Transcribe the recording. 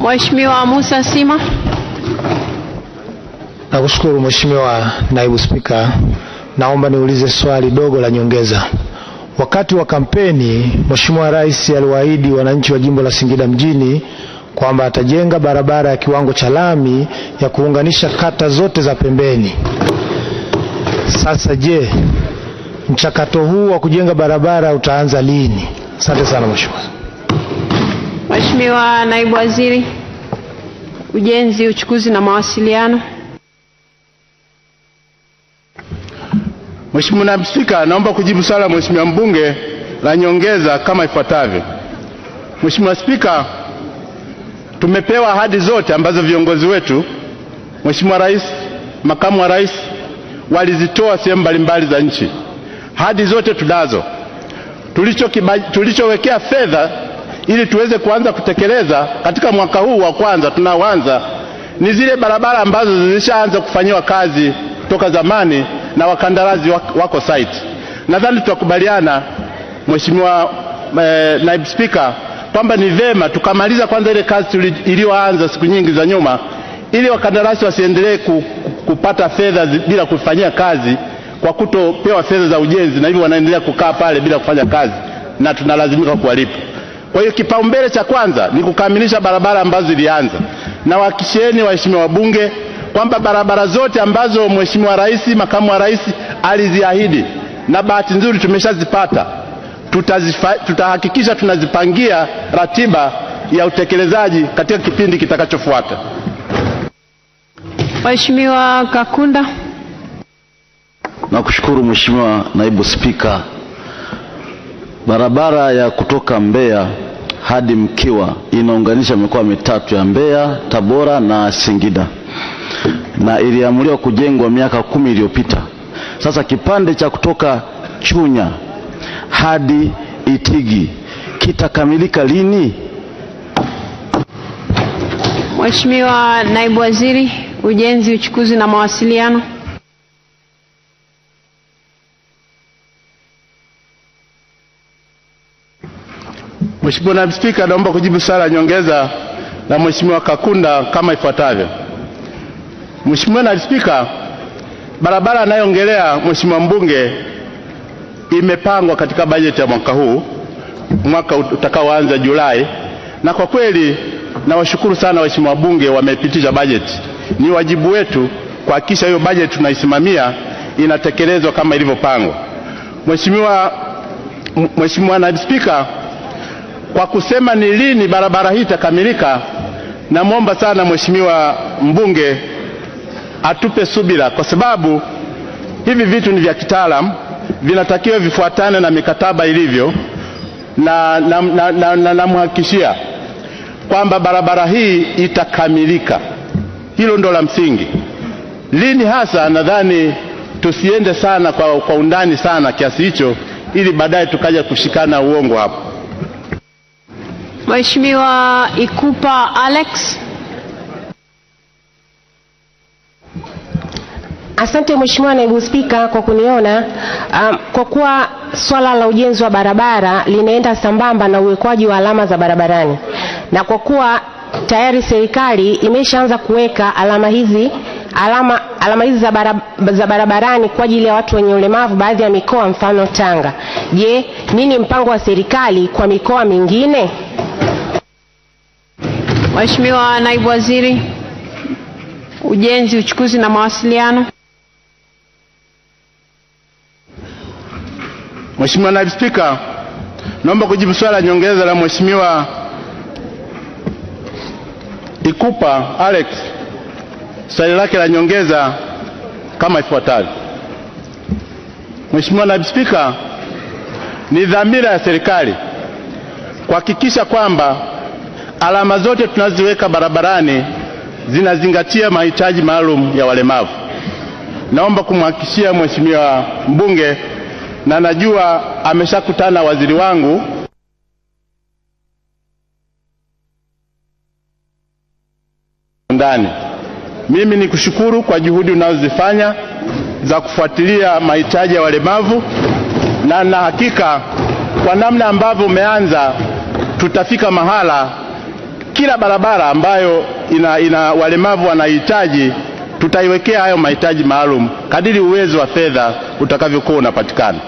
Mheshimiwa Musa Sima. Nakushukuru Mheshimiwa Naibu Spika, naomba niulize swali dogo la nyongeza. Wakati wa kampeni, Mheshimiwa Rais aliwaahidi wananchi wa jimbo la Singida mjini kwamba atajenga barabara ya kiwango cha lami ya kuunganisha kata zote za pembeni. Sasa je, mchakato huu wa kujenga barabara utaanza lini? Asante sana Mheshimiwa. Mheshimiwa Naibu Waziri Ujenzi, Uchukuzi na Mawasiliano. Mheshimiwa Naibu Spika, naomba kujibu swali la Mheshimiwa mbunge la nyongeza kama ifuatavyo. Mheshimiwa Spika, tumepewa ahadi zote ambazo viongozi wetu Mheshimiwa Rais, Makamu wa Rais walizitoa sehemu mbalimbali za nchi. Ahadi zote tunazo, tulichowekea tulicho fedha ili tuweze kuanza kutekeleza katika mwaka huu wa kwanza tunaoanza, ni zile barabara ambazo zilishaanza kufanyiwa kazi toka zamani na wakandarasi wako site. Nadhani tutakubaliana Mheshimiwa eh, naibu spika kwamba ni vema tukamaliza kwanza ile kazi iliyoanza siku nyingi za nyuma, ili wakandarasi wasiendelee ku, ku, kupata fedha bila kufanyia kazi kwa kutopewa fedha za ujenzi, na hivyo wanaendelea kukaa pale bila kufanya kazi na tunalazimika kuwalipa. Kwa hiyo kipaumbele cha kwanza ni kukamilisha barabara ambazo zilianza, na waheshimiwa wabunge kwamba barabara zote ambazo Mheshimiwa Rais, makamu wa rais aliziahidi na bahati nzuri tumeshazipata, tutahakikisha tunazipangia ratiba ya utekelezaji katika kipindi kitakachofuata. Mheshimiwa Kakunda. Nakushukuru Mheshimiwa Naibu Spika. Barabara ya kutoka Mbeya hadi Mkiwa inaunganisha mikoa mitatu ya Mbeya, Tabora na Singida na iliamuliwa kujengwa miaka kumi iliyopita. Sasa kipande cha kutoka Chunya hadi Itigi kitakamilika lini? Mheshimiwa Naibu Waziri Ujenzi, Uchukuzi na Mawasiliano. Mheshimiwa Naibu Spika, naomba kujibu swali la nyongeza la Mheshimiwa Kakunda kama ifuatavyo. Mheshimiwa Naibu Spika, barabara anayoongelea Mheshimiwa mbunge imepangwa katika bajeti ya mwaka huu, mwaka utakaoanza Julai, na kwa kweli nawashukuru sana waheshimiwa wabunge wamepitisha bajeti. Ni wajibu wetu kuhakikisha hiyo bajeti tunaisimamia inatekelezwa kama ilivyopangwa. Mheshimiwa Mheshimiwa Naibu Spika, kwa kusema ni lini barabara hii itakamilika, namwomba sana mheshimiwa mbunge atupe subira, kwa sababu hivi vitu ni vya kitaalamu, vinatakiwa vifuatane na mikataba ilivyo, na namhakikishia na, na, na, na kwamba barabara hii itakamilika. Hilo ndo la msingi. Lini hasa, nadhani tusiende sana kwa, kwa undani sana kiasi hicho, ili baadaye tukaja kushikana uongo hapo. Mheshimiwa Ikupa Alex. Asante Mheshimiwa Naibu Spika kwa kuniona. Um, kwa kuwa swala la ujenzi wa barabara linaenda sambamba na uwekwaji wa alama za barabarani na kwa kuwa tayari serikali imeshaanza kuweka alama hizi alama, alama hizi za, barab za barabarani kwa ajili ya watu wenye ulemavu baadhi ya mikoa mfano Tanga. Je, nini mpango wa serikali kwa mikoa mingine? Mheshimiwa Naibu Waziri Ujenzi, Uchukuzi na Mawasiliano. Mheshimiwa Naibu Spika, naomba kujibu swali la nyongeza la Mheshimiwa Ikupa Alex. Swali lake la nyongeza kama ifuatavyo. Mheshimiwa Naibu Spika, ni dhamira ya serikali kuhakikisha kwamba Alama zote tunaziweka barabarani zinazingatia mahitaji maalum ya walemavu. Naomba kumhakikishia mheshimiwa mbunge, na najua ameshakutana waziri wangu ndani. Mimi ni kushukuru kwa juhudi unazozifanya za kufuatilia mahitaji ya walemavu, na na hakika kwa namna ambavyo umeanza tutafika mahala kila barabara ambayo ina, ina walemavu wanahitaji tutaiwekea hayo mahitaji maalum kadiri uwezo wa fedha utakavyokuwa unapatikana.